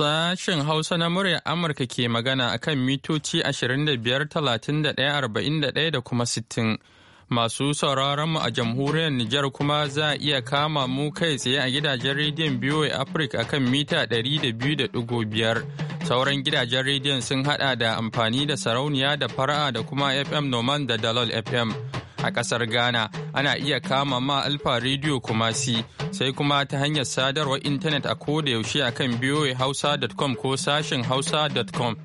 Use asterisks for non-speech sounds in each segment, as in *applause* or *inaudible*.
Sashen Hausa na murya Amurka ke magana a kan mitoci 25,31,41 da kuma 60. Masu sauraronmu a jamhuriyar Nijar kuma za a iya kama mu kai tsaye a gidajen rediyon BOA Africa a kan mita 200.5. Sauran gidajen rediyon sun hada da amfani da sarauniya da fara'a da kuma FM Noman da Dalol FM. a ƙasar Ghana ana iya kama ma Alfa Radio Kumasi sai kuma ta hanyar sadarwar intanet a kodayaushe yaushe a kan hausa.com ko sashen hausa.com.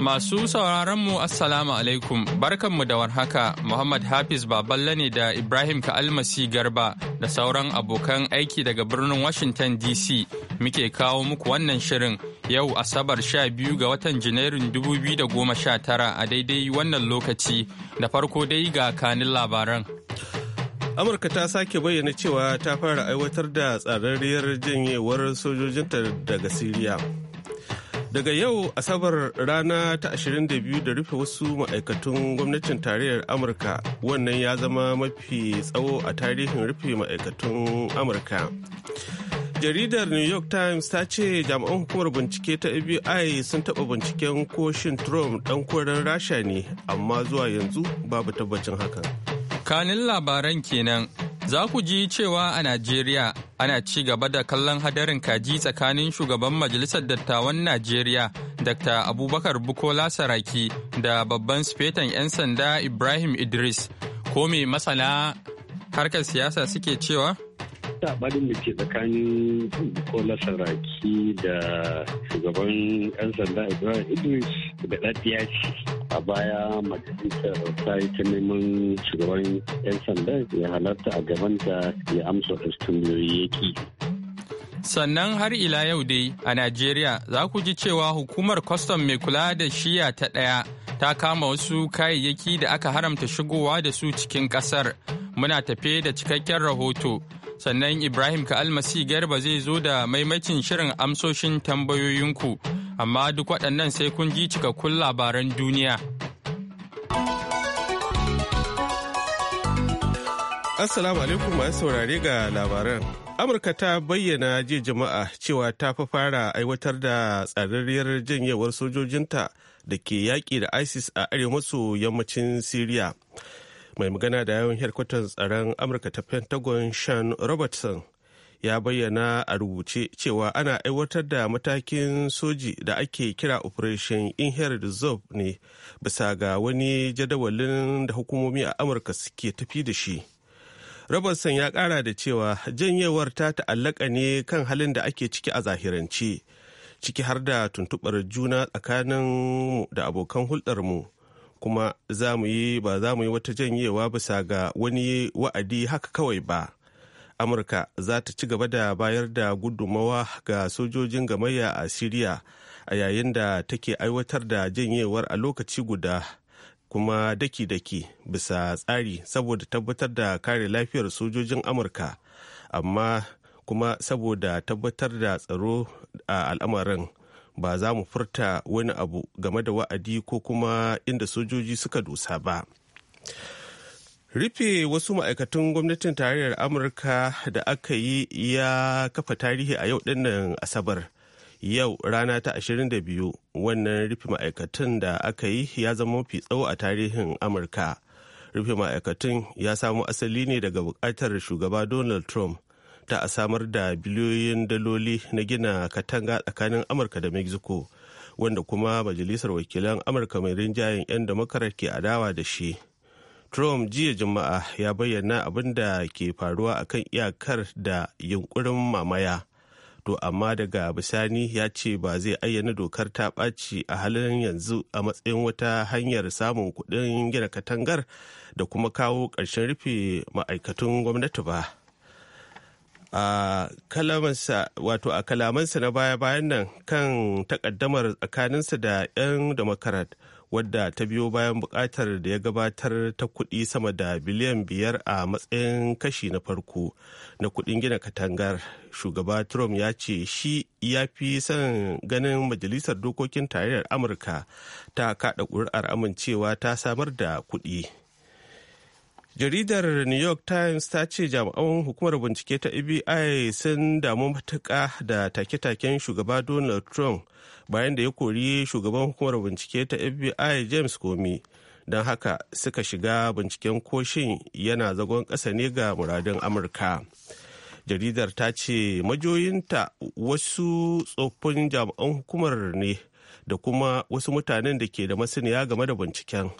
Masu sauraron mu Assalamu alaikum, barkanmu da warhaka, Muhammad Hafiz Baballe ne da Ibrahim Ka'almasi Garba da sauran abokan aiki daga birnin Washington DC muke kawo muku wannan shirin yau Asabar 12 ga watan Janairun 2019 a daidai wannan lokaci da farko dai ga kanin labaran. amurka ta sake bayyana cewa ta fara aiwatar da tsararriyar janyewar sojojinta daga siriya Daga yau Asabar rana ta 22 da rufe wasu ma'aikatun gwamnatin tarayyar Amurka wannan ya zama mafi tsawo a tarihin rufe ma'aikatun Amurka. jaridar new york times ta ce jami'an hukumar bincike ta fbi sun taɓa binciken koshin trump ɗan koren rasha ne amma zuwa yanzu babu tabbacin hakan kanin labaran kenan Za ku ji cewa a Najeriya ana ci gaba da kallon hadarin kaji tsakanin shugaban Majalisar Dattawan Najeriya Dr. Abubakar Bukola Saraki da babban sufetan 'yan sanda Ibrahim Idris. Ko me masana harkar siyasa suke cewa? saɓanin da ke tsakanin kola saraki da shugaban 'yan sanda ibrahim idris da ɗaɗɗiya ce a baya majalisar ta yi ta neman shugaban 'yan sanda ya halarta a gabanta ya amsa tambayoyi yaki. sannan har ila yau dai a najeriya za ku ji cewa hukumar kwastam mai kula da shiya ta ɗaya ta kama wasu kayayyaki da aka haramta shigowa da su cikin ƙasar muna tafe da cikakken rahoto sannan Ibrahim Ka'almasi Garba zai zo da maimakin shirin amsoshin tambayoyinku, amma duk waɗannan sai kun ji cikakkun labaran duniya. Assalamu alaikum masu saurare ga labaran. Amurka ta bayyana jiya jama'a cewa ta fi fara aiwatar da tsararriyar janyewar sojojinta da ke yaƙi da ISIS a arewa maso yammacin Siriya. mai magana da yawon hedkwatar tsaron amurka ta pentagon sean robertson ya bayyana a rubuce cewa ana aiwatar da matakin soji da ake kira operation inherit ne bisa ga wani jadawalin da hukumomi a amurka suke tafi da shi robertson ya kara da cewa janyewar ta ta'allaka ne kan halin da ake ciki a zahirance ciki har da tuntubar juna tsakanin da abokan hulɗarmu kuma za mu yi ba za mu yi wata janyewa bisa ga wani wa'adi haka kawai ba amurka za ta ci gaba da bayar da gudummawa ga sojojin gamayya a siriya a yayin da take aiwatar da janyewar a lokaci guda kuma daki-daki bisa tsari saboda tabbatar da kare lafiyar sojojin amurka amma kuma saboda tabbatar da tsaro a al'amarin ba za mu furta wani abu game da wa'adi ko kuma inda sojoji suka dosa ba rufe wasu ma'aikatan gwamnatin tarayyar amurka da aka yi ya kafa tarihi a yau dinnan asabar yau rana ta 22 wannan rufe ma'aikatan da aka yi ya zama mafi tsawo a tarihin amurka rufe ma'aikatan ya samo asali ne daga bukatar shugaba donald trump umarta a samar da biliyoyin daloli na gina katanga tsakanin amurka da mexico wanda kuma majalisar wakilan amurka mai rinjayen 'yan damakarar ke adawa da shi trump jiya juma'a ya bayyana abin da ke faruwa a kan iyakar da yunkurin mamaya to amma daga bisani ya ce ba zai ayyana dokar ta ɓaci a halin yanzu a matsayin wata hanyar samun kuɗin gina katangar da kuma kawo ƙarshen rufe ma'aikatun gwamnati ba. a kalamansa wato a kalamansa na baya-bayan nan kan takaddamar tsakaninsa da 'yan democrat wadda ta biyo bayan bukatar da ya gabatar ta kuɗi sama da biliyan biyar a matsayin kashi na farko na kuɗin gina katangar shugaba trump ya ce shi ya fi son ganin majalisar dokokin tarayyar amurka ta kaɗa ƙuri'ar amincewa ta samar da kuɗi jaridar new york times ta ce jami'an hukumar bincike ta fbi sun damu matuka da take-taken shugaba donald trump bayan da ya kori shugaban hukumar bincike ta fbi james comey don haka suka shiga binciken koshin yana zagon ƙasa ne ga muradin amurka jaridar ta ce majoyinta wasu tsoffin jami'an hukumar ne da kuma wasu mutanen da ke da masaniya game da binciken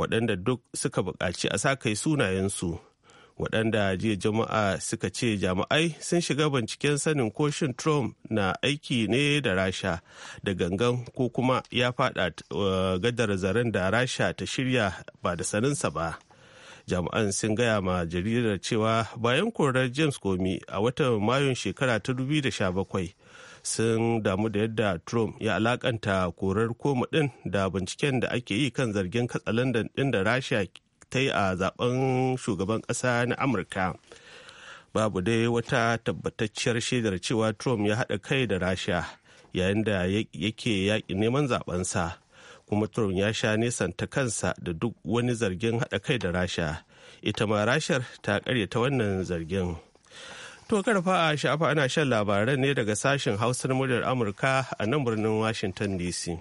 waɗanda duk suka buƙaci a sa kai sunayensu waɗanda jiya jama'a suka ce jami'ai sun shiga binciken sanin koshin trump na aiki ne da rasha da gangan ko kuma ya fada eh, gadar zaren da rasha ta shirya ba da saninsa ba jami'an sun gaya ma jaridar cewa bayan korar james komi a watan mayun shekara ta 2017 sun damu da yadda trump ya alakanta korar koma din da binciken da ake yi kan zargin katsalandan din da rasha ta yi a zaben shugaban ƙasa na amurka babu dai wata tabbatacciyar shaidar cewa trump ya haɗa kai da rasha yayin da yake yaƙi neman zabensa kuma trump ya sha nesanta kansa da duk wani zargin haɗa kai da rasha ita ma rashar ta karyata wannan zargin. To karfa a shafa ana shan labaran ne daga sashen hausar muryar Amurka a nan birnin Washington DC.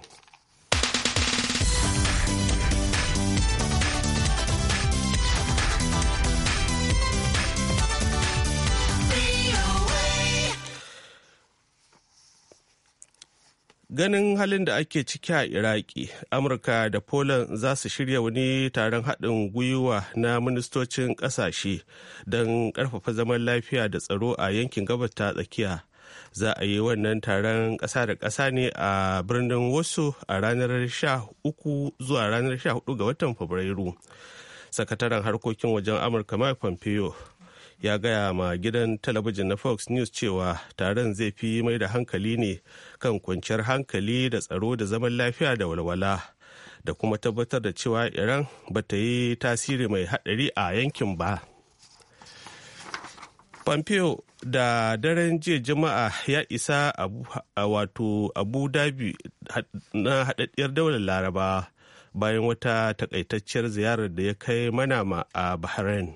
ganin halin da ake ciki a iraki amurka da poland za su shirya wani taron haɗin gwiwa na ministocin ƙasashe don ƙarfafa zaman lafiya da tsaro a yankin gabas ta tsakiya za a yi wannan taron ƙasa da ƙasa ne a birnin wasu a ranar uku zuwa ranar 14 ga watan fabrairu sakataren harkokin wajen amurka mike pompeo ya gaya ma gidan talabijin na fox news cewa taron zai fi mai da hankali ne kan kwanciyar hankali da tsaro da zaman lafiya da walwala da kuma tabbatar da cewa iran ba ta yi tasiri mai haɗari a yankin ba pompeo da daren jiya juma'a ya isa wato abu dhabi na haɗaɗɗiyar daular laraba bayan wata takaitacciyar ziyarar da ya kai manama a bahrain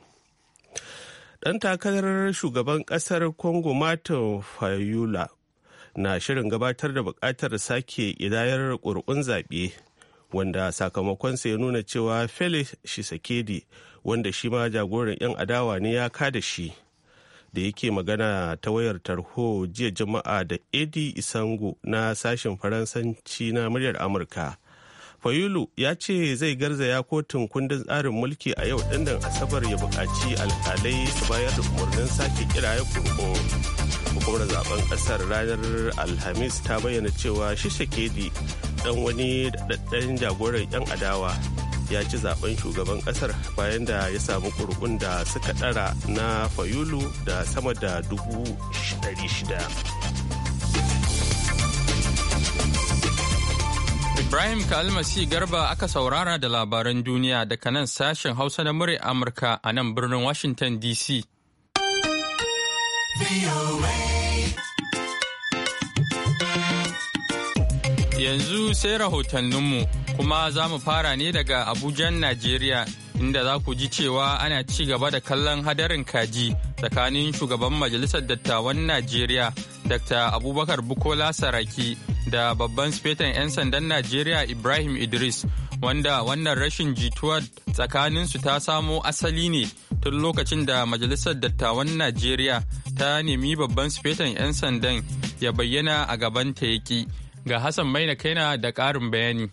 Ɗan takarar shugaban ƙasar Congo Martin Fayula na shirin gabatar da buƙatar sake ƙidayar ƙuri'un zaɓe wanda sakamakonsa ya nuna cewa Felix Shisekedi wanda shi ma jagoran 'yan adawa ne ya kada shi da yake magana ta wayar tarho jiya juma'a da Edi Isango na sashen Faransanci na muryar Amurka. fayulu ya ce zai garzaya kotun kundin tsarin mulki a yau dandan asabar ya buƙaci alkalai su bayar da umarnin sake kiraye kurkun hukumar zaben ƙasar ranar alhamis ta bayyana cewa shishakedi dan wani daɗaɗɗen jagoran 'yan adawa ya ci zaben shugaban ƙasar bayan da ya samu kurkun da suka ɗara na fayulu da sama da dubu 600. Ibrahim Kalmasi Garba aka saurara da labaran duniya daga nan sashen Hausa na murya Amurka a nan birnin Washington DC. Yanzu sai rahotanninmu kuma za mu fara ne daga Abujan, Najeriya inda za ku ji cewa ana ci gaba da kallon hadarin kaji tsakanin shugaban Majalisar Dattawan Najeriya, Dr. Abubakar Bukola Saraki. da babban sifetan 'yan sandan Najeriya Ibrahim Idris wanda wannan rashin jituwa tsakaninsu ta samo asali ne tun lokacin da Majalisar Dattawan Najeriya ta nemi babban sifetan 'yan sandan ya bayyana a gaban ta yaki. Ga Hassan Maina Kaina da ƙarin bayani.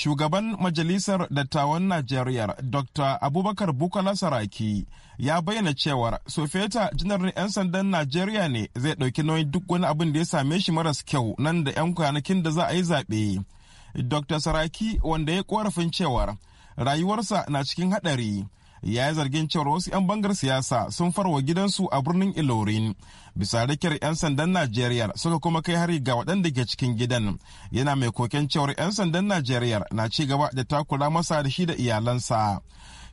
shugaban majalisar dattawan najeriya dr abubakar bukola saraki ya bayyana cewar sofeta janar 'yan sandan najeriya ne zai ɗauki nauyin duk wani abin da ya same shi maras kyau nan da 'yan kwanakin da za a yi zaɓe dr saraki wanda ya korafin cewar rayuwarsa na cikin haɗari ya yi zargin cewar wasu 'yan bangar siyasa sun farwa gidansu a birnin ilorin bisa rikiyar 'yan sandan najeriya suka kuma kai hari ga waɗanda ke cikin gidan yana mai koken cewar 'yan sandan najeriya na ci gaba da takura masa da shi da iyalansa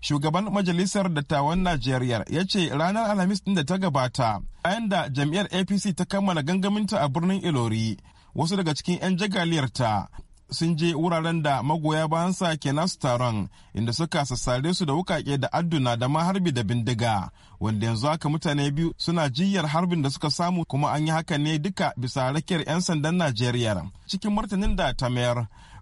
shugaban majalisar dattawan najeriya ya ce ranar alhamis din da ta gabata bayan da jam'iyyar apc ta kammala gangaminta a birnin ilori wasu daga cikin 'yan jagaliyarta sun je wuraren da magoya bayansa ke nasu taron inda suka sassare su da wukake da adduna da ma harbi da bindiga wanda yanzu haka mutane biyu suna jiyyar harbin da suka samu kuma an yi haka ne duka bisa rakiyar 'yan sandan najeriya cikin martanin da ta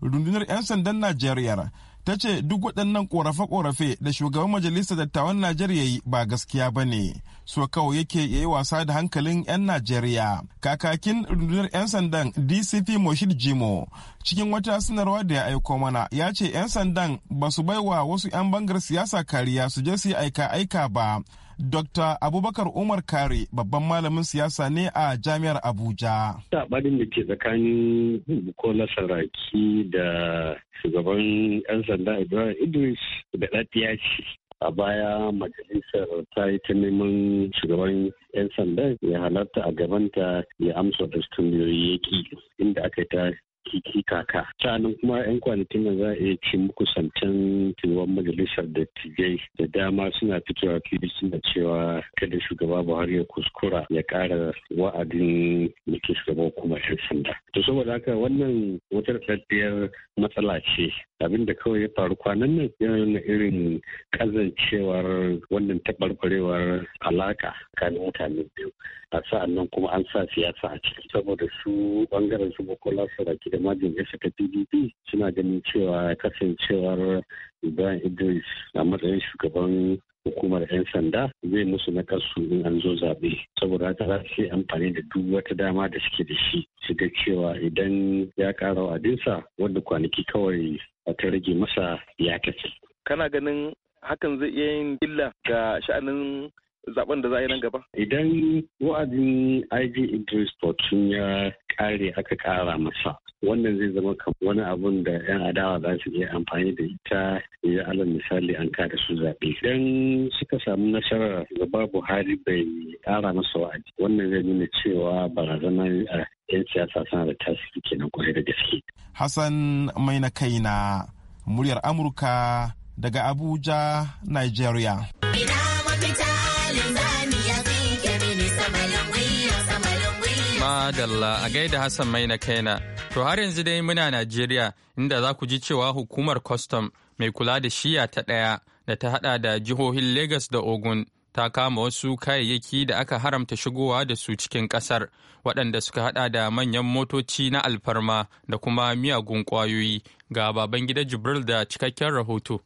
rundunar 'yan sandan najeriya ta ce duk waɗannan ƙorafe-ƙorafe da shugaban majalisar dattawan najeriya yi ba gaskiya ba ne so kawai yake yayi wasa da hankalin 'yan najeriya kakakin rundunar 'yan sandan dcp moshid jimo cikin wata sanarwa da ya aiko mana ya ce 'yan sandan ba su baiwa wasu 'yan bangar siyasa kariya su je su yi aika-aika ba Dr. Abubakar Umar Kare babban malamin siyasa ne a Jami'ar Abuja. Saɓanin da ke tsakanin Bukola Saraki da shugaban 'yan sanda Ibrahim Idris da ɗaɗiya ce. a baya majalisar ta yi ta neman shugaban 'yan sanda ya halarta a gabanta ya amsa da tambayoyi yaki inda aka yi ta kiki kaka sa'anan kuma yan kwanakin nan za a iya ci muku santan tiwon majalisar dattijai da dama suna fitowa fili suna cewa kada shugaba buhari ya kuskura ya kara wa'adin mulkin shugaba kuma shan sanda to saboda haka wannan wata daddiyar matsala ce abin da kawai ya faru kwanan nan yana irin kazancewar wannan taɓarɓarewar alaƙa tsakanin mutane biyu a sa'an kuma an sa siyasa a ciki saboda su bangaren su boko saraki da majin ya saka pdp suna ganin cewa kasancewar ibrahim idris a matsayin shugaban hukumar 'yan sanda zai musu na kasu in an zo zaɓe saboda haka za su yi amfani da duk wata dama da suke da shi su ga cewa idan ya ƙara wa'adinsa wanda kwanaki kawai ta rage masa ya kace kana ganin hakan zai iya yin illa ga sha'anin zaben da za a yi nan gaba? Idan wa'adin IG Idris Fortun ya kare aka kara masa wannan zai zama kamar wani abun da 'yan adawa za su iya amfani da ita ya alal misali an kada su zaɓe. Idan suka samu nasarar gaba Buhari bai kara masa wa'adi wannan zai nuna cewa barazana a 'yan siyasa suna da tasiri kenan kwarai da gaske. Hassan mai na kaina muryar Amurka daga Abuja, Nigeria. Madalla a gaida Hassan mai na kaina. To har yanzu dai muna Najeriya inda za ku ji cewa hukumar kwastam mai kula da shiya ta ɗaya da ta haɗa da jihohin Legas da Ogun ta kama wasu kayayyaki da aka haramta shigowa da su cikin ƙasar waɗanda suka haɗa da manyan motoci na alfarma da kuma miyagun ƙwayoyi ga baban gida Jibril da cikakken rahoto.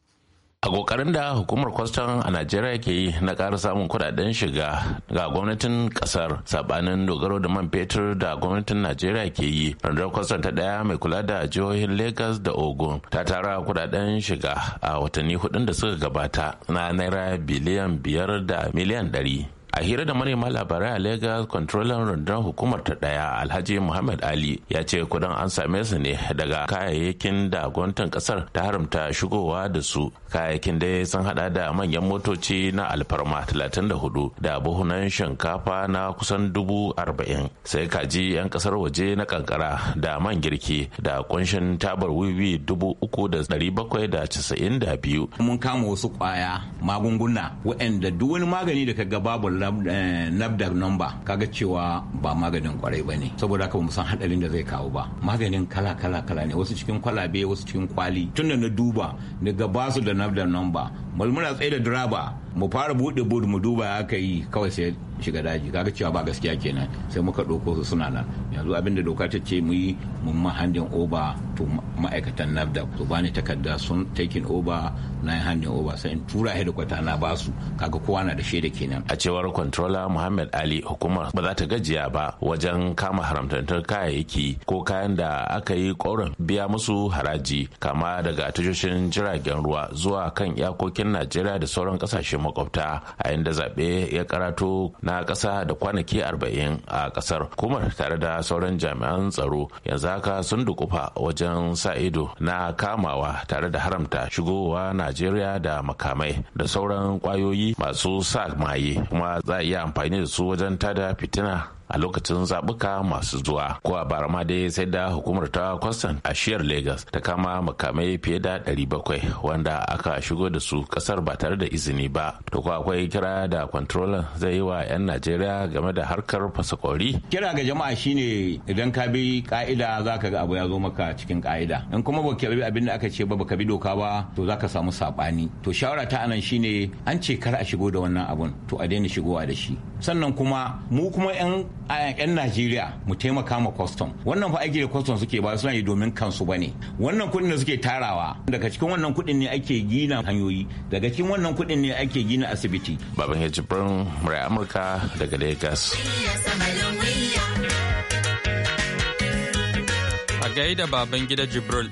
a kokarin da hukumar kwastan a najeriya ke yi na ƙara samun kudaden shiga ga gwamnatin ƙasar sabanin dogaro da man fetur da gwamnatin najeriya ke yi rundunar kwastam ta ɗaya mai kula da jihohin lagos da ogun ta tara kudaden shiga a watanni hudun da suka gabata na naira biliyan biyar da miliyan ɗari a hira da manema labarai a lagos controller rundunar hukumar ta daya alhaji muhammad ali ya ce kudin an same su ne daga kayayyakin da gwamnatin kasar ta haramta shigowa da su kayayyakin dai sun hada da manyan motoci na alfarma 34 da buhunan shinkafa na kusan dubu arba'in sai kaji 'yan kasar waje na kankara da man girki da kunshin tabar wiwi dubu uku da dari bakwai da casa'in da biyu mun kama wasu kwaya magunguna waɗanda duk wani magani da ka ga babu nabda eh, number kaga cewa ba maganin kwarai ba ne saboda haka ba mu san hadarin da zai kawo ba maganin kala kala kala ne wasu cikin kwalabe wasu cikin kwali tun da na duba daga basu da nafdak number malmuna tsaye da draba. mu fara buɗe bud mu duba aka yi kawai sai shiga daji kaga cewa ba gaskiya kenan sai muka ɗauko su suna nan yanzu abinda doka ta ce muyi mun ma handin oba to ma'aikatan nafda to bani takarda sun takin oba na handin oba sai in tura kwata na basu kaga kowa na da shaida kenan a cewar controller muhammad ali hukumar ba za ta gajiya ba wajen kama haramtantar kayayyaki ko kayan da aka yi koren biya musu haraji kama daga tashoshin jiragen ruwa zuwa kan iyakokin najeriya da sauran kasashen makwabta a inda zaɓe ya karato na ƙasa da kwanaki 40 a ƙasar kuma tare da sauran jami'an tsaro yanzu haka sun dukufa wajen sa ido na kamawa tare da haramta shigowa najeriya da makamai da sauran kwayoyi masu sa maye kuma za a iya amfani da su wajen tada fitina a lokacin zabuka masu zuwa ko a bara ma dai sai da hukumar ta kwastan a shiyar lagos ta kama makamai fiye da 700 wanda aka shigo da su kasar ba tare da izini ba to ko akwai kira da controller zai yi wa 'yan najeriya game da harkar fasakori kira ga jama'a shine idan ka bi ka'ida za ka ga abu ya zo maka cikin ka'ida in kuma ba ka bi abin da aka ce ba baka bi doka ba to za ka samu sabani to shawara ta anan shine an ce kar a shigo da wannan abun to a daina shigowa da shi sannan kuma mu kuma 'yan najeriya mu taimaka ma kwastam wannan fa aiki da kwastam suke ba suna yi domin kansu ba ne wannan kudin da suke tarawa daga cikin wannan kuɗin ne ake gina hanyoyi daga cikin wannan kuɗin ne ake gina asibiti baban ya jibrin murai amurka daga lagos a gaida baban gida jibril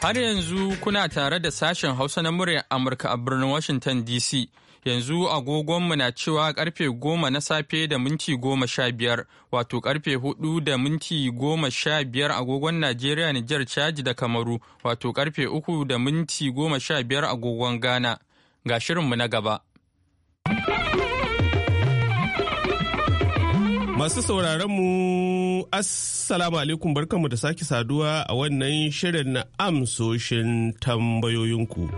har yanzu kuna tare da sashen hausa na muryar amurka a birnin washington dc yanzu agogonmu na cewa karfe goma na safe da minti goma sha biyar wato karfe hudu da minti goma sha biyar agogon najeriya nijar caji da kamaru wato karfe uku da minti goma sha biyar agogon ghana ga shirinmu na gaba Masu sauraron mu Assalamu alaikum barkanmu da sake saduwa a wannan shirin amsoshin tambayoyinku.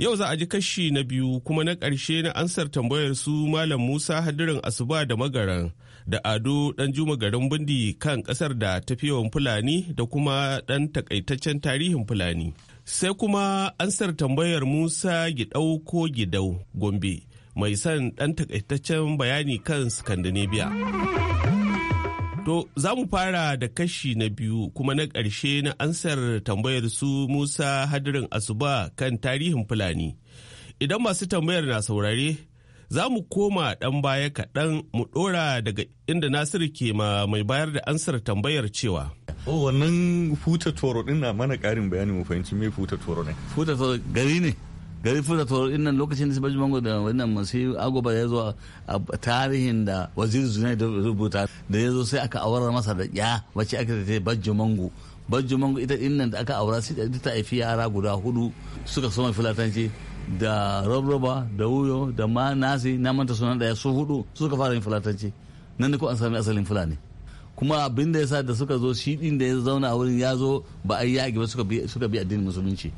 Yau za a ji kashi na biyu kuma na ƙarshe na ansar tambayar su Malam Musa Hadirin Asuba da Magaran da Ado ɗan Juma garin Bindi kan ƙasar da tafiyawan Fulani da kuma ɗan takaitaccen tarihin Fulani. Sai kuma ansar tambayar Musa Gidau ko Gidau Gombe mai son ɗan takaitaccen bayani kan Scandinavia. To za mu fara da kashi na biyu kuma na ƙarshe na ansar tambayar su Musa Hadirin Asuba kan tarihin Fulani. Idan masu tambayar na saurare, za mu koma ɗan baya kaɗan mu ɗora daga inda Nasiru ke ma mai bayar da ansar tambayar cewa. O oh, wannan futa toro ɗin na mana ƙarin bayani mu fahimci me futa toro ne. Futa toro gari ne. Gari futa toro ɗin nan lokacin da Sibaji Bango da wannan masu agoba ya zo a tarihin da waziri Zunai da rubuta da ya zo sai aka aurar masa da ya mace aka ta bajjo mango bajjo mango ita dinnan da aka aura sai ta haifi yara guda hudu suka soma filatanci da robroba da wuyo da ma nasi na manta sunan daya su hudu suka fara yin filatanci nan da ko an sami asalin fulani kuma abin da ya sa da suka zo shi din da ya zauna a wurin ya zo ba a yi ba suka bi addinin musulunci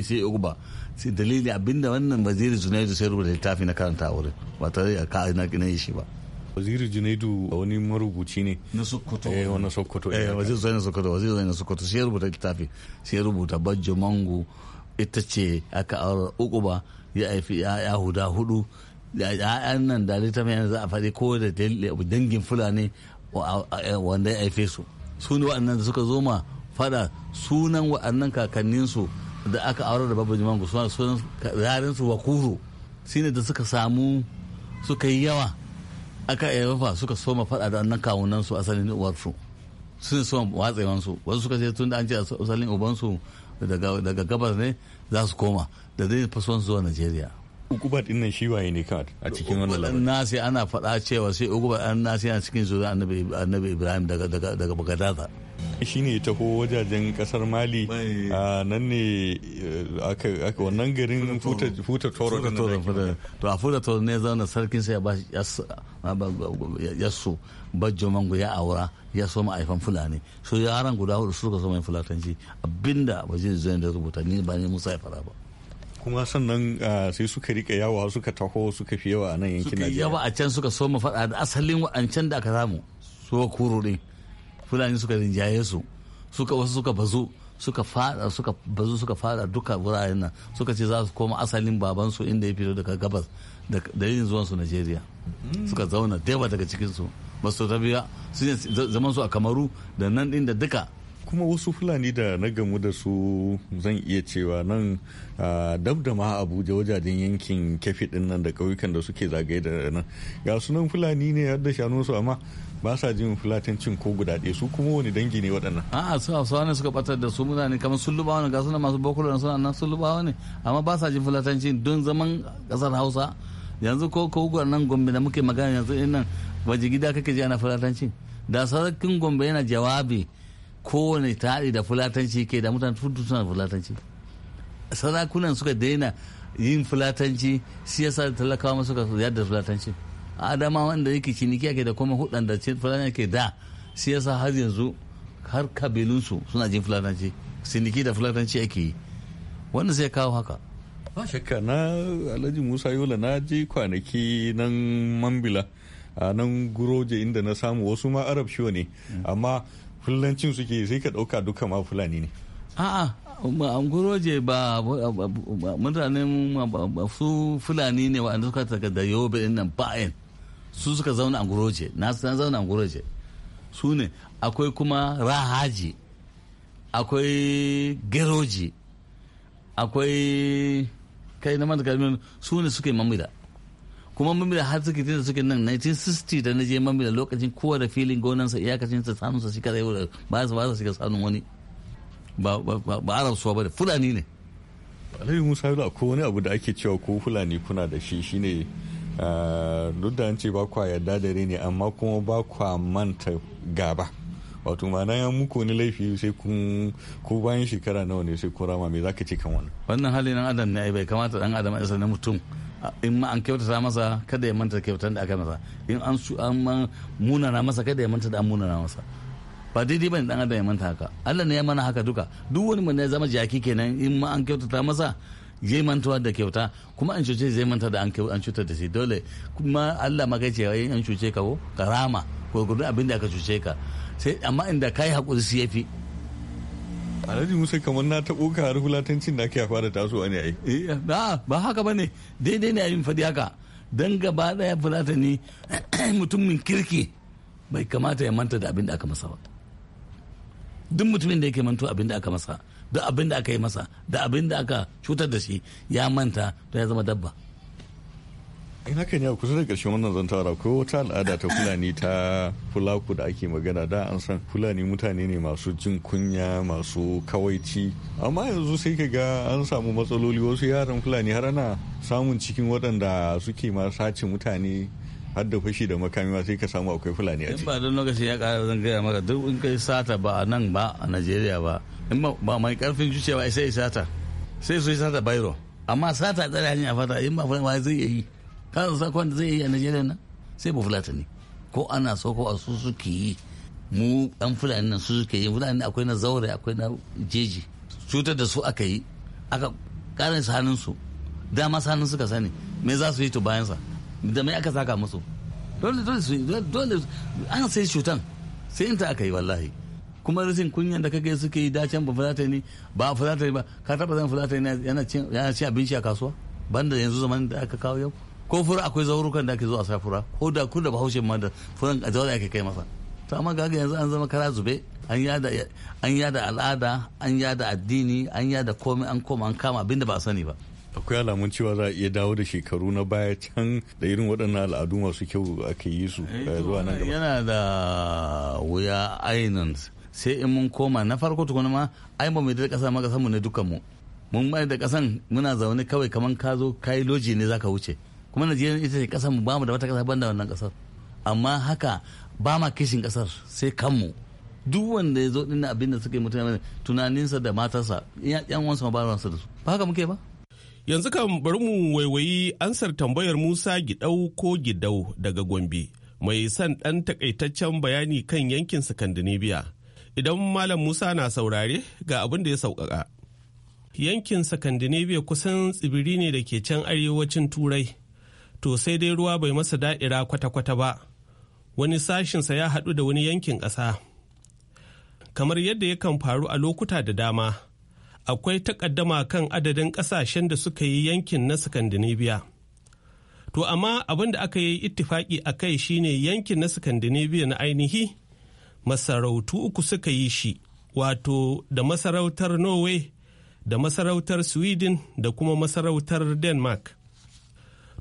sai uguba sai dalili abinda wannan waziri junaidu sai rubuta littafi na karanta a wurin ba tare da ka na shi ba waziri junaidu wani marubuci ne na sokoto eh wani sokoto eh, eh waziri zai na sokoto waziri zai na sokoto sai rubuta littafi sai rubuta bajjo mango ita ce aka aure uku ba ya aifi ya huda hudu ya'yan nan da littafin yanzu a faɗi ko da dangin fulani eh, wanda ya aife su su ne waɗannan da suka zo ma fada sunan waɗannan kakanninsu da aka aure da babban jimangu sunan zarin su wakuru shine da suka samu suka yi yawa aka yawa suka soma faɗa da annan kawunan su asalin uwarsu sun soma watsewan su wasu suka ce tun da an ce asalin ubansu daga gabas ne za su koma da zai son zuwa Najeriya. Ukuba din nan shi waye ne kawai a cikin wannan labarin. Nasi ana fada cewa sai ukuba an nasi a cikin zuwa annabi Ibrahim daga daga daga Bagadaza. shine ya taho wajajen kasar mali a nan ne eh, aka wannan garin futa toro to a futa toro ne zauna sarkin sai ya so bajjo mango ya aura ya so ma'aifan fulani so yaran guda hudu suka so mai fulatanci abinda ba zai zai da rubuta ni ba ne musa ya fara ba kuma sannan sai suka rika yawa suka taho suka fi yawa a nan yankin Najeriya. yawa a can suka soma fada da asalin wa'ancan da aka samu so kuro fulani suka rinjaye su suka wasu suka bazu suka fada suka bazu suka fada duka wuraren nan suka ce za su koma asalin babansu inda ya fito daga gabas da yin zuwan su Najeriya suka zauna daiwa daga cikin su masu tabiya tafiya zaman su a Kamaru da nan din da duka kuma wasu fulani da na gamu da su zan iya cewa nan dab da ma abuja wajajen yankin kefi din nan da ƙauyukan da suke zagaye da nan ga su nan fulani ne da shanu su amma ba sa jin fulatancin ko guda ɗaya su kuma wani dangi ne waɗannan a'a su hausawa ne suka batar da su mutane kamar sun lubawa ne ga suna masu da suna nan sun lubawa ne amma ba sa jin fulatancin don zaman ƙasar hausa yanzu ko ko nan gombe da muke magana yanzu nan waje gida kake ji ana fulatancin da sarkin gombe yana jawabi kowane tari da fulatanci ke da mutane tuntun suna fulatanci sarakunan suka daina yin fulatanci siyasa da talakawa suka yadda fulatanci adama wanda yake ciniki ake da kuma hudan da fulani ke da siyasa har yanzu har kabilunsu suna jin fulatanci ciniki da fulatanci ake yi wanda sai kawo haka ba shakka na alhaji musa yola na je kwanaki nan mambila a nan guroje inda na samu wasu ma arab shiwa ne mm. amma fulancin suke sai ka ɗauka duka ma fulani ne a'a guroje ba mutanen su fulani ne waɗanda suka daga da yobe nan ba'in su suka zauna a guroje na zauna a guroje su ne akwai kuma rahaji akwai geroji akwai kai na manta su ne suke mamida kuma da har suke da suke nan 1960 da na je da lokacin kowa da filin gonansa iyakacin sa sanunsa shi kada yau ba su ba su shiga sanun wani ba ba suwa ba da fulani ne alhaji musa da ko wani abu da ake cewa ko fulani kuna da shi shine ah, duk da an ce ba kwa yadda da ne amma kuma ba kwa manta gaba wato ma'ana ya muku wani laifi sai kun ko bayan shekara nawa ne sai kun rama me zaka ce kan wannan wannan hali nan adam ne ai bai kamata dan adam isa na mutum in ma an kyautata masa kada ya manta kyautar da aka masa in an su an munana masa kada ya manta da an munana masa ba daidai bane dan adam ya manta haka Allah ne ya mana haka duka duk wani mun ya zama jaki kenan in ma an kyautata masa zai mantuwa da kyauta kuma an cuce zai manta da an cuta da shi dole kuma Allah ma kai cewa in an cuce ka ko karama ko gudu abin da aka cuce ka sai amma inda kai hakuri su yafi alhaji musa kamar na taɓo ka har hulatancin da ake fara tasowa ne ai eh ba haka ba ne daidai ne a yin faɗi haka don gaba daya ne *clears throat* mutumin kirki bai kamata ya manta da abin da aka masa ba duk mutumin da yake manto abin da aka masa da abin da aka yi masa da abin da aka cutar da shi ya manta to ya zama dabba in haka ne kusa da ƙarshen wannan zan tara ko wata al'ada ta fulani ta fulaku da ake magana da an san fulani mutane ne masu jin kunya masu kawaici amma yanzu sai ka ga an samu matsaloli wasu yaran fulani har ana samun cikin waɗanda suke ma sace mutane har da fashi da makami ma sai ka samu akwai fulani a ciki. in ba don lokaci ya ƙara zan gaya maka duk in kai sata ba a nan ba a najeriya ba in ba mai karfin zuciya ba sai sata sai su yi sata bairo amma sata tsara hanyar fata in ba fulani zai iya yi kan sakon da zai yi a najeriya nan sai ba fulatani ko ana so ko a su suke yi mu dan fulani nan su suke yi fulani akwai na zaure akwai na jeji cutar da su aka yi aka karin hannun su dama hannun suka sani me za su yi to bayansa da mai aka saka musu dole dole su dole an sai cutan sai inta aka yi wallahi kuma rashin kunyan da kake suke yi dacen ba fulata ne ba fulata ne ba ka taba zan fulata ne yana ci abinci a kasuwa banda yanzu zamanin da aka kawo yau ko fura akwai zaurukan da ake zuwa a sa fura ko da kun da bahaushe ma da furan a da ake kai masa to amma ga yanzu an zama kara zube an yada an yada al'ada an yada addini an yada komai an koma an kama abinda ba sani ba akwai alamun cewa za a iya dawo da shekaru na baya can da irin waɗannan al'adu masu kyau aka yi su eh, eh, zuwa nan gaba yana da wuya ainihin sai in mun koma na farko tukuna ma ai ba mai da ƙasa ma ƙasar mu ne dukkan mu mun mai da ƙasan muna zaune kawai kaman ka zo kai loji ne zaka wuce kuma najeriya ita ce kasar mu bamu da wata kasa banda wannan kasar amma haka ba ma kishin kasar sai kanmu duk wanda ya zo din abin suka yi mutane tunaninsa da matarsa yan wansu ma ba su da su ba haka muke ba yanzu kan bari mu waiwayi ansar tambayar musa gidau ko gidau daga gombe mai son dan takaitaccen bayani kan yankin sakandinibiya Idan Malam Musa na saurare ga abin da ya sauƙaƙa. Yankin sakandinibiya kusan tsibiri ne da ke can arewacin Turai, to sai dai ruwa bai masa da'ira kwata-kwata ba wani sashinsa ya haɗu da wani yankin ƙasa kamar yadda yakan faru a lokuta da dama akwai takaddama kan adadin ƙasashen da suka yi yankin na Scandinavia. to amma abin da aka yi ittifaki a kai shine yankin na Scandinavia na ainihi masarautu uku suka yi shi wato da masarautar norway da masarautar sweden da kuma masarautar denmark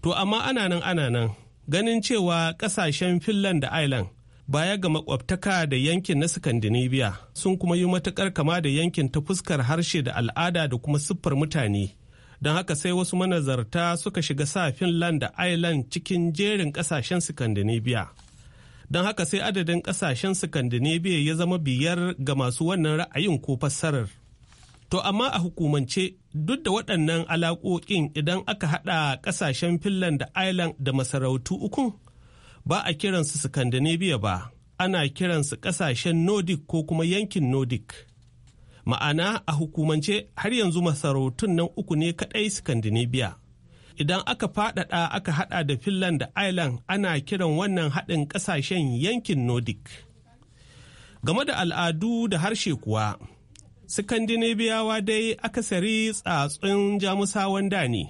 to amma ana nan ana nan ganin cewa kasashen finland da ireland baya ga makwabtaka da yankin na Scandinavia sun kuma yi matukar kama da yankin ta fuskar harshe da al'ada da kuma siffar mutane. Don haka sai wasu manazarta suka shiga sa Finland da Ireland cikin jerin kasashen Scandinavia. Don haka sai adadin kasashen Scandinavia ya zama biyar ga masu wannan ra'ayin ko fassarar. To amma a hukumance duk da waɗannan alaƙoƙin idan aka haɗa ƙasashen Finland da Ireland da masarautu uku, ba a kiransu Scandinavia ba, ana kiransu ƙasashen Nordic ko kuma yankin Nordic. Ma'ana a hukumance har yanzu masarautun nan uku ne kaɗai Scandinavia. Idan aka faɗaɗa aka haɗa da Finland da Ireland ana kiran wannan haɗin ƙasashen yankin Nordic. Game da al'adu da harshe kuwa. Sikandinabiyawa dai akasari tsatsun jamusawan da ne,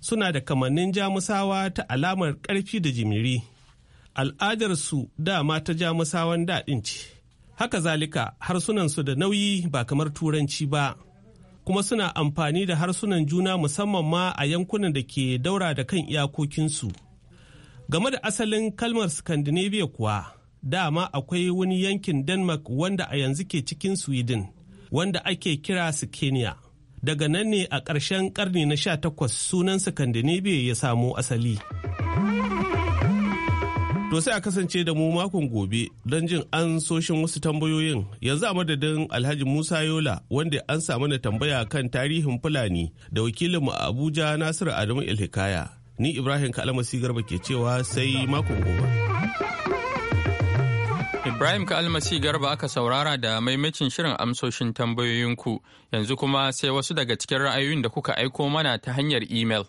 suna da kamannin jamusawa ta alamar ƙarfi da jimiri. Al'adarsu dama ta jamusawan daɗin ce. Haka zalika harsunansu da nauyi ba kamar turanci ba, kuma suna amfani da harsunan juna musamman ma a yankunan da ke daura da kan iyakokinsu. Game da asalin kalmar Scandinavia kuwa, dama akwai wani yankin Denmark wanda a yanzu ke cikin Sweden. wanda ake kira sikeniya Daga nan ne a ƙarshen ƙarni na sha takwas sunan Scandinavia ya samo asali. To sai a kasance da mu makon gobe don jin an soshin wasu tambayoyin yanzu a madadin Alhaji Musa Yola wanda an samu na tambaya kan tarihin Fulani da wakilinmu a Abuja Nasiru Adamu Ilhikaya. Ni Ibrahim kalamasi Garba ke cewa sai makon gobe. Ibrahim Kalmasi Garba aka saurara da maimacin shirin amsoshin tambayoyinku yanzu kuma sai wasu daga cikin ra'ayoyin da kuka aiko mana ta hanyar imel.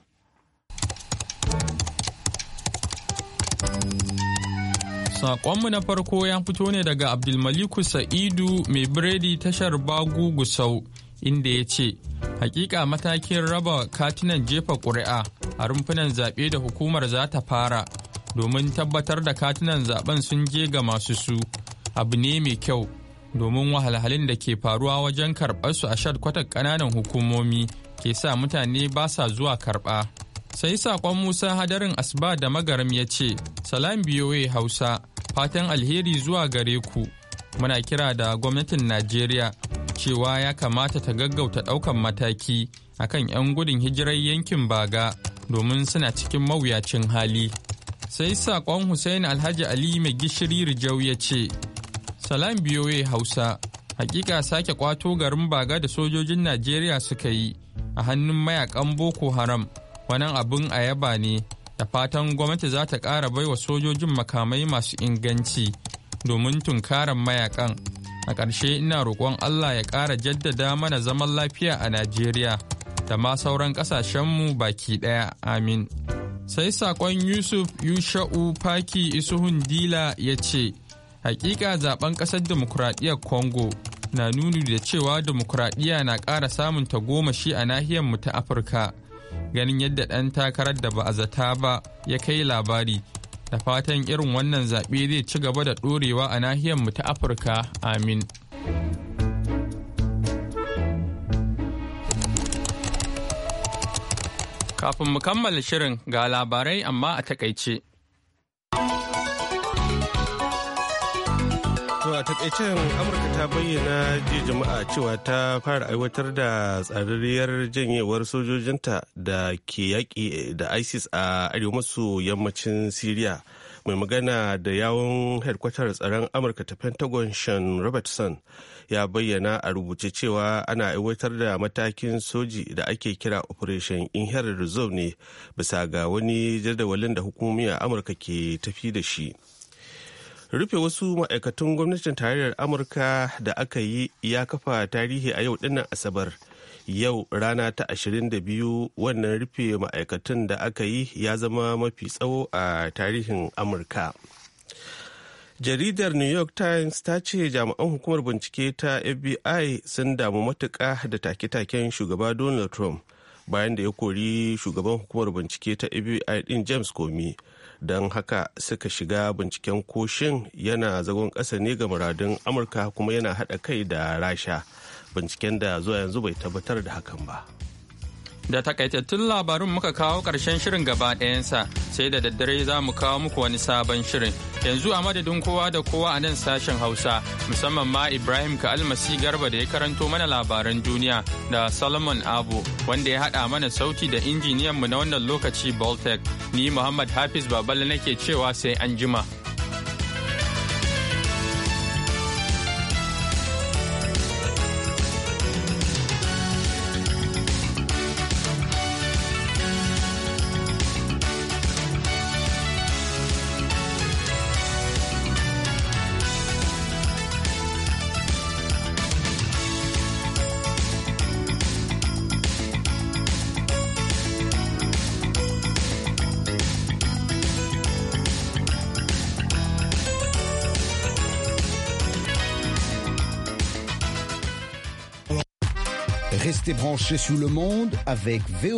Saƙonmu na farko ya fito ne daga Abdulmaliku Sa'idu mai biredi tashar Bagu Gusau inda ya ce, Hakika matakin raba katinan jefa ƙuri'a a rumfunan zaɓe da hukumar za ta fara domin tabbatar da katunan zaben sun je ga masu su abu ne mai kyau domin wahalhalin da ke faruwa wajen karɓar su a shadkwatar ƙananan hukumomi ke sa mutane ba sa zuwa karɓa. Sai saƙon Musa hadarin Asba da Magaram ya ce, Salam biyoye Hausa, fatan alheri zuwa gare ku. Muna kira da gwamnatin Najeriya cewa ya kamata ta gaggauta ɗaukan mataki akan 'yan gudun hijirar yankin Baga domin suna cikin mawuyacin hali. sai saƙon Hussein Alhaji Ali mai gishiri Rijau ya ce, Salam biyoye Hausa, hakika sake kwato garin baga da sojojin Najeriya suka yi a hannun mayakan Boko Haram, wannan abin a yaba ne, da fatan gwamnati za ta ƙara baiwa sojojin makamai masu inganci domin tunkaran mayakan. A ƙarshe ina roƙon Allah ya ƙara jaddada mana zaman lafiya a Najeriya da ma sauran ƙasashenmu baki ɗaya. Amin. sai sakon yusuf yusha'u faki isuhun dila ya ce hakika zaben ƙasar demokuraɗiyyar congo na nuni da cewa demokuraɗiyya na ƙara samun tagomashi a nahiyar mu ta afirka ganin yadda ɗan takarar da ba a zata ba ya kai labari da fatan irin wannan zaɓe zai ci gaba da ɗorewa a nahiyar mu ta afirka amin Kafin mu kammala shirin ga labarai amma a takaice. To a takaicen Amurka ta bayyana jiya jama'a cewa ta fara aiwatar da tsararriyar janyewar sojojinta da ke yaƙi da ISIS a arewa maso yammacin Siriya. mai magana da yawon hedkwatar tsaron amurka ta pentagon shan robertson ya bayyana a rubuce cewa ana aiwatar da matakin soji da ake kira operation inherent reserve ne bisa ga wani jadawalin da hukumomi a amurka ke tafi da shi rufe wasu ma'aikatan gwamnatin tarayyar amurka da aka yi ya kafa tarihi a yau dinnan asabar yau rana ta 22 wannan rufe ma'aikatan da aka yi ya zama mafi tsawo a tarihin amurka jaridar new york times ta ce jami'an hukumar bincike ta fbi sun damu matuƙa da take-taken shugaba donald trump bayan da ya kori shugaban hukumar bincike ta fbi din james comey don haka suka shiga binciken koshin yana zagon ƙasa ne ga muradun amurka kuma yana haɗa kai da rasha binciken da zuwa yanzu bai tabbatar da hakan ba da takaitattun labarun muka kawo ƙarshen shirin gaba ɗayansa sai da daddare za mu kawo muku wani sabon shirin yanzu a madadin kowa da kowa a nan sashen hausa musamman ma ibrahim ka'almasi garba da ya karanto mana labaran duniya da solomon abu wanda ya haɗa mana sauti da injiniyanmu na wannan lokaci baltic ni muhammad hafiz baballe nake cewa sai an jima. sous sur le monde avec VO.